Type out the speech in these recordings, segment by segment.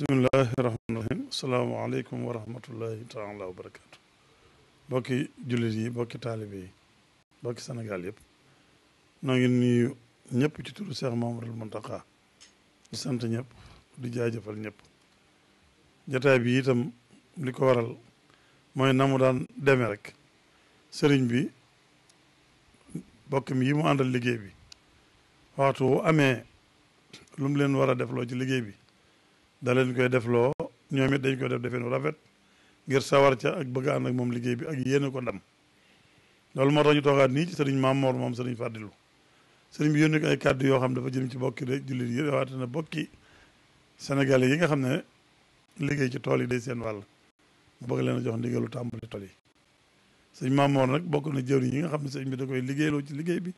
bismillahi rahmaani rahiim asalaamaaleykum wa rahmatullahi taala wa bokki jullit yi bokki taalibe yi bokki senegal yëpp noo ngi ñépp ñëpp ci turu Cheikh Mamadou Mountakha di sant ñépp di jaajëfal ñépp jataay bi itam li ko waral mooy na mu daan demee rek sëriñ bi bokk mi yi mu àndal liggéey bi waxtu wu amee lu leen war a defloo ci liggéey bi da leen koy defloo ñoom it dañ koy def defeen rafet ngir sawar ca ak bëgg ànd ak moom liggéey bi ak yéene ko ndam loolu moo tax ñu toogaat nii ci sëriñ Maam moom sëriñ Fàddilu sëriñ bi yónni ko ay kàddu yoo xam dafa jëm ci bokki rek jullit yi rawaate na bokki Sénégalais yi nga xam ne liggéey ci tool yi day seen wàll mu bëgg leen a jox ndigalu tàmbali tool yi sëñ Maam Moor nag bokk na jëwriñ yi nga xam ne sëñ bi da koy liggéeyloo ci liggéey bi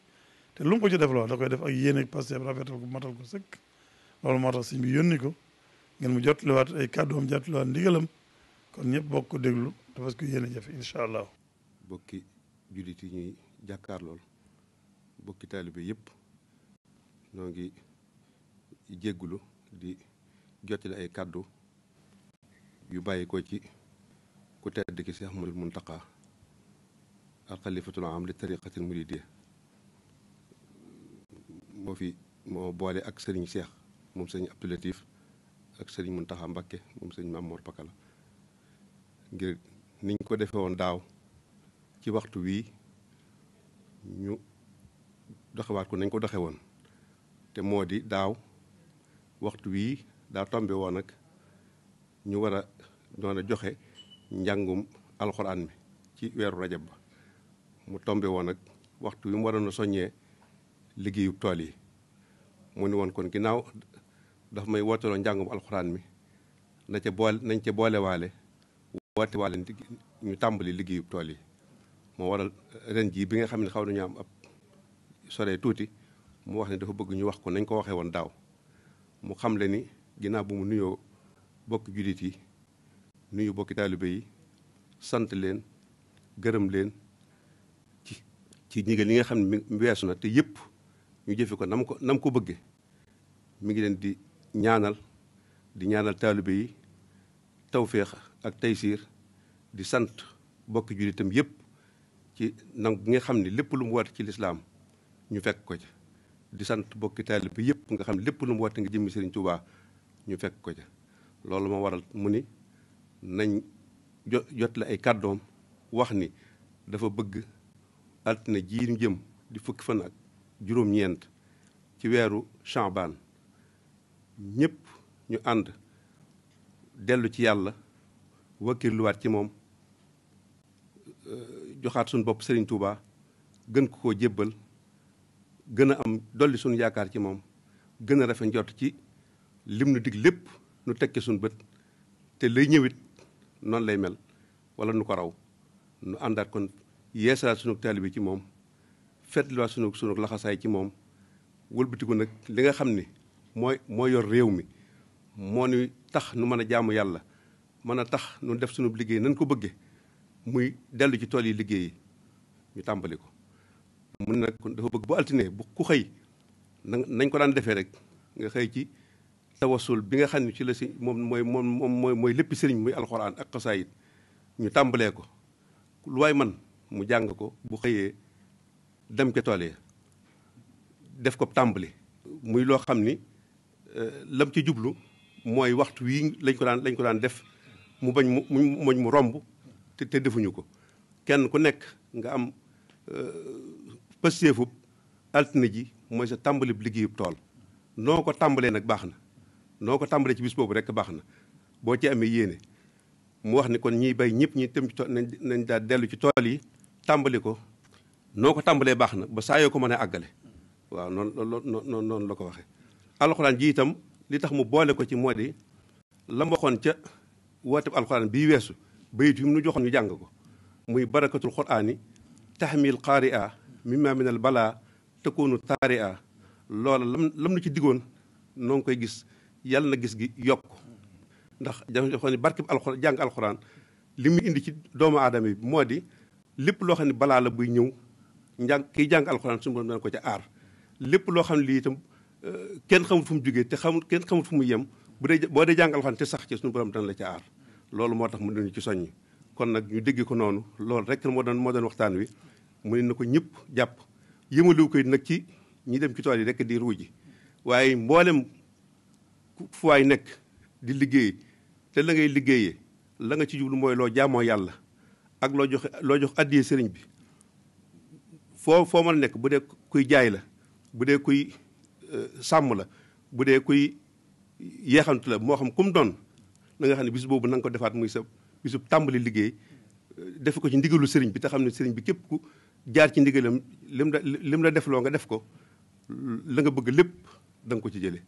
te lu mu ko ci def loo da koy def ak yéene ak pasteef rafetal ko matal ko sëkk loolu moo tax sëñ bi yónni ko ngeen mu jotliwaat ay kàddoom jotliwaat ndigalam kon ñëpp bokk ko déglu parce que yéen jafe incha allah. bokki jullit yi ñuy jàkkaar lool bokki taalibe yëpp noo ngi jéggulu di jotale ay kàddu yu bàyyi ko ci ku tedd ki Cheikh Mouhamadou Mountakha al xalifatul am li tariqatil muridiyya moo fi moo boole ak sëriñ Cheikh moom sëriñ Abdou ak mun Muntaxa Mbakke moom sëriñ Maam Mor Pakala ngir niñ ko defe woon daaw ci waxtu wii ñu doxewaat ko nañ ko doxe woon te moo di daaw waxtu wii daa tombe woon nag ñu war a doon joxe njàngum alxuraan mi ci weeru rajab ba mu tombe woon nag waxtu wi mu waroon a soññee liggéeyub tool yi mu ni woon kon ginnaaw daf may wooteloo njàngum alxuraan mi na ca boole nañ ca boolewaale woote waale ñu tàmbali liggéeyub tool yi moo waral ren jii bi nga xam ne xaw nañu am ab sore tuuti mu wax ne dafa bëgg ñu wax ko nañ ko waxee woon daaw mu xam le ni ginnaaw bu mu nuyoo bokki jullit yi nuyu bokki taalibe yi sant leen gërëm leen ci ci ndigal yi nga xam ne mi weesu na te yépp ñu jëfe ko nam ko nam ko bëggee mu ngi leen di ñaanal di ñaanal taalibe yi tawféex ak taysiir di sant bokki jullitam yépp ci nangu bi nga xam ni lépp lu mu woote ci lislaam ñu fekk ko ca di sant bokki taalibe yépp nga xam ne lépp lu mu woote nga jëmmi Sëriñ Tuubaa ñu fekk ko ca loolu ma waral mu ni nañ jot jot la ay kàddoom wax ni dafa bëgg altine ji jëm di fukki fan ak juróom-ñeent ci weeru Sha'baan ñëpp ñu ànd dellu ci yàlla wakkirluwaat ci moom euh, joxaat suñu bopp Serigne Touba gën ko koo jébbal gën a am dolli sunu yaakaar ci moom gën a rafet njort ci lim nu dig lépp nu tekki suñu bët te lay ñëwit noonu lay mel wala nu ko raw nu àndaat kon yeesalaat sunu taalibe ci moom fetluwaat sunu sunu laxasaay ci moom wëlbatiku nag li nga xam ni mooy mooy yor réew mi moo nu tax nu mën a jàmm yàlla mën a tax nu def suñu liggéey nañ ko bëgge muy dellu ci tool yi liggéey ñu tàmbali ko mun nag dafa bëgg bu altine bu ku xëy nañ ko daan defee rek nga xëy ci tawasul bi nga xam ne ci la si moom mooy moom mooy lépp sëriñ muy alxuraan ak xasaayit ñu tàmbalee ko lu waay man mu jàng ko bu xëyee dem ca tool ya def ko tàmbali muy loo xam ni Euh, lam ci jublu mooy waxtu wii lañ ko daan lañ ko daan def mu bañ mu mu mu romb te te defuñu ko kenn ku nekk nga am euh, pësteefub altine ji mooy sa tàmbalib liggéeyub tool noo ko tàmbalee nag baax na noo ko tàmbalee ci bis boobu rek baax na boo ci amee yéene mu wax ni kon ñiy bay ñëpp ñi tem ci nañ daal dellu ci tool yi tàmbali ko noo ko tàmbalee baax na ba saa yoo ko mën a àggale waaw noonu noonu noonu la ko waxee alxuraan ji itam li tax mu boole ko ci moo di la mu waxoon ca wooteeb alxuraan bii weesu bayit yi mu joxoon ñu jàng ko muy barakatul quraani taxmil qaari'a mimma minal balaa takunu taari'a loola lam lam nu ci diggoon noo ngi koy gis yàlla na gis gi yokk ndax dafa joxoon ne barkeb alxuraan li muy indi ci doomu aadama bi moo di lépp loo xam ne balaa la buy ñëw njàng kiy jàng alxuraan suñu borom dana ko ca aar lépp loo xam ne lii itam kenn xamul fu mu jugee te xamul kenn xamul mu yem bu dee boo dee jàngal xan te sax ci suñu borom dana la ci aar loolu moo tax mu doon ci soññi kon nag ñu dégg ko noonu loolu rek moo doon moo doon waxtaan wi mu ne na ko ñëpp jàpp yëmaliwu koy nag ci ñi dem ci tool yi rek di ruuji waaye mboolem fu waay nekk di liggéey te la ngay liggéeyee la nga ci jublu mooy loo jaamoo yàlla ak loo joxe loo jox addiyee sëriñ bi foo foo mën a nekk bu dee kuy jaay la bu dee kuy Euh, sàmm la bu dee kuy yeexantu la moo xam ku mu doon na xam ne bis boobu na nga ko defaat muy sa bisu tàmbali liggéey euh, def ko ci ndigalu sëriñ bi te xam ne sëriñ bi képp ku jaar ci ndigalam lim la lim la defloo nga def ko la nga bëgg lépp danga ko ci jëlee.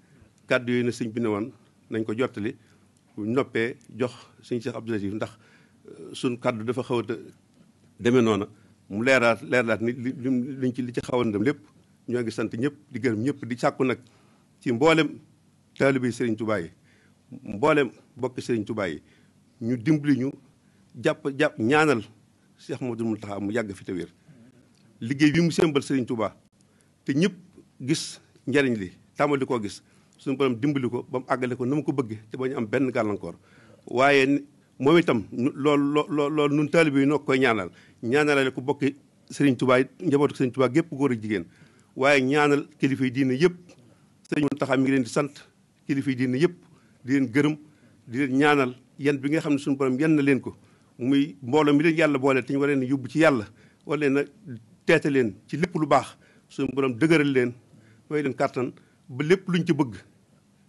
kàddu yooyu na sëñ bi ne woon nañ ko jottali bu noppee jox sëñ Cheikh Abdou Latif ndax euh, suñ kàddu dafa xaw a demee noona mu leeraat leeraat ni li li ci li ci xaw a lépp. ñoo ngi sant ñëpp di ñëpp di sàkku nag ci mboolem taalibe Serigne Touba yi mboolem bokk Serigne Touba ñu dimbali ñu jàpp jàpp ñaanal Cheikh Modou Mountakha mu yàgg fi te wér liggéey bi mu sembal Serigne Touba te ñëpp gis njariñ li tàmbali koo gis suñu borom dimbali ko ba mu àggale ko na mu ko bëgg te ba ñu am benn gàllankoor waaye moom itam lool loo loolu nun taalibe yi noo koy ñaanal ñaanalale ko bokk Serigne Touba yi njabootu Serigne Touba gépp góor ak jigéen waaye ñaanal kilifa yi diin yëpp sëñ Mountakha mi ngi leen di sant kilifa yi diine yëpp di leen gërëm di leen ñaanal yan bi nga xam ne suñu borom yan na leen ko muy mbooloo mi leen yàlla boole te ñu war leen yóbbu ci yàlla war leen a teete leen ci lépp lu baax suñu borom dëgëral leen may leen kàttan ba lépp lu luñ ci bëgg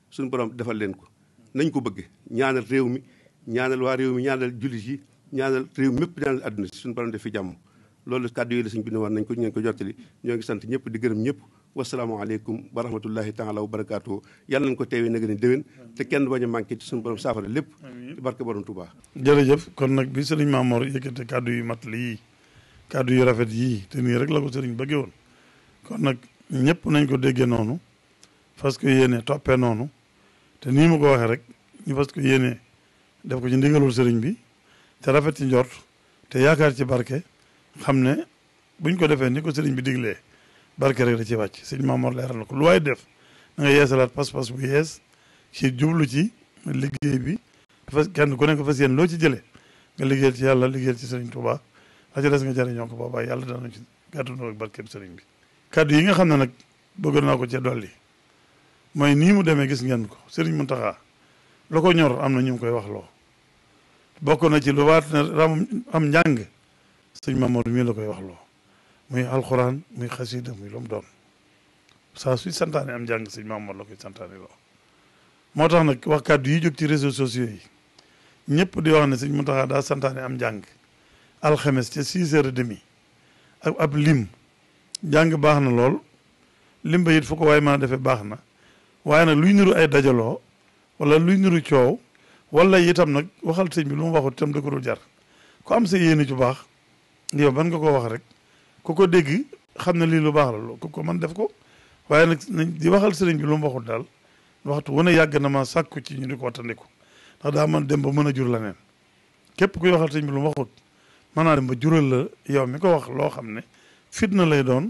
suñu borom defal leen ko nañ ko bëgg ñaanal réew mi ñaanal waa réew mi ñaanal jullit yi ñaanal réew mépp ñaanal àdduna si suñu borom def fi jàmm loolu kàddu yi la suñ bi ne woon nañ ko ngeen ko jottali ñoo ngi sant ñëpp di gërëm ñëpp wasalaamaaleykum wa rahmatullahi taala wa barakaatu yàlla nañ ko teewee na gën a déwén te kenn bañ a manqué ci suñu borom saafara lépp ci barke borom Touba jërëjëf kon nag bi sëriñ Maamoor yëkkate kàddu yu mat li yii kàddu yu rafet yii te nii rek la ko sëriñ bëggee woon kon nag ñëpp nañ ko déggee noonu fas ko yéenee toppee noonu te nii mu ko waxee rek ñu fas ko yéene def ko ci ndigalul sëriñ bi te rafet ci njort te yaakaar ci barke xam ne bu ñu ko defee ni ko sëriñ bi diglee barke rek da ci wàcc sëñ Maamoor leeral na ko lu waaye def da nga yeesalaat pas-pas bu yees ci jublu ci liggéey bi fas kenn ku nekk fas yéen loo ci jëlee nga liggéeyal ci yàlla liggéeyal ci sëriñ Touba la ci des nga jëriñoo ko boobaa yàlla na ci gàttandoo ak barkeem sëriñ bi kàddu yi nga xam ne nag bëgg naa ko ci dolli mooy nii mu demee gis ngeen ko mu Mountakha loo ko ñor am na ñu ngi koy wax loo bokk na ci lu waat ne am njàng sëñ Mamoor mii la koy wax loo muy alxuraan muy xasida muy lu mu doon saa suy santaane am jàng sëñ Mamoor la koy santaane loo moo tax nag wax kàddu yi jóg ci réseaux sociaux yi ñëpp di wax ne sëñ Muntaxa daa santaane am jàng alxemes ci six heures demi ak ab lim jàng baax na lool lim ba it fu ko waaye mën defee baax na waaye nag luy niru ay dajaloo wala luy niru coow wala itam nag waxal sëñ bi lu mu waxut itam da jar ku am sa yéene baax yow ban nga ko wax rek ku ko dégg xam ne lii lu baax la loo ko ko man def ko waaye nag nañ di waxal sëriñ bi lu mu waxut daal waxtu ne yàgg na ma sàkku ci ñu di ko wattandiku ndax daa man dem ba mën a jur la neen képp kuy waxal sëriñ bi lu mu waxut mën dem ba jural la yow mi ko wax loo xam ne fitna lay doon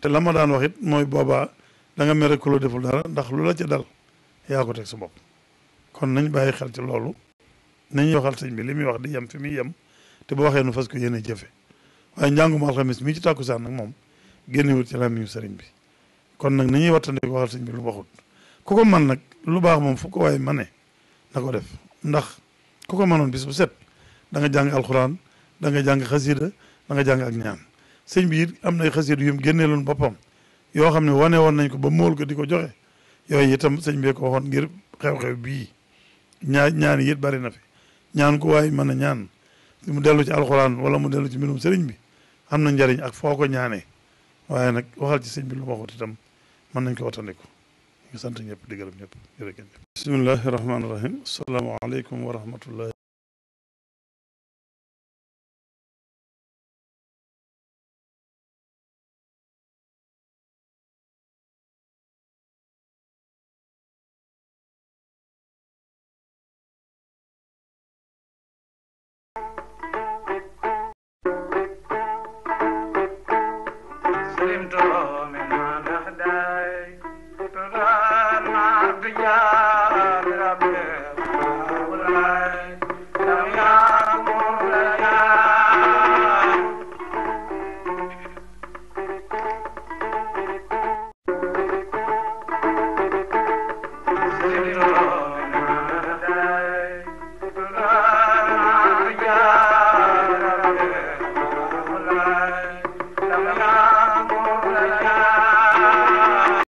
te la ma daan wax mooy boobaa da nga mere ku la deful dara ndax lu la ca dal yaa ko teg sa bopp kon nañ bàyyi xel ci loolu nañuy waxal sëñ bi li muy wax di yem fi muy yem te bu waxee nu fas ko yéene jëfe waaye njàngum alxames mii ci tàkkusaan nag moom génnewut ci làmmiñu sëriñ bi kon nag nañuy wattandiko waxal sëñ bi lu waxut ku ko man nag lu baax moom fu ko waaye mane na ko def ndax ku ko manoon bis bu set da nga jàng alxuraan da nga jàng xasida da nga jàng ak ñaan sëñ bi it am na xasida yu mu génneeloon boppam yoo xam ne wane woon nañ ko ba mool ko di ko joxe yooyu itam sëñ bee ko waxoon ngir xew bii ñaa ñaan yi bari na fi ñaan ko waaye mën a ñaan mu dellu ci alxuraan wala mu dellu ci mbirum sëriñ bi am na njariñ ak foo ko ñaanee waaye nag waxal ci sëñ bi lu waxut itam mën nañ ko watandiku ñu ngi sant ñëpp di gërëm ñëpp jërëjëf bismillahi rahmaani rahim asalaamaaleykum wa rahmatullahi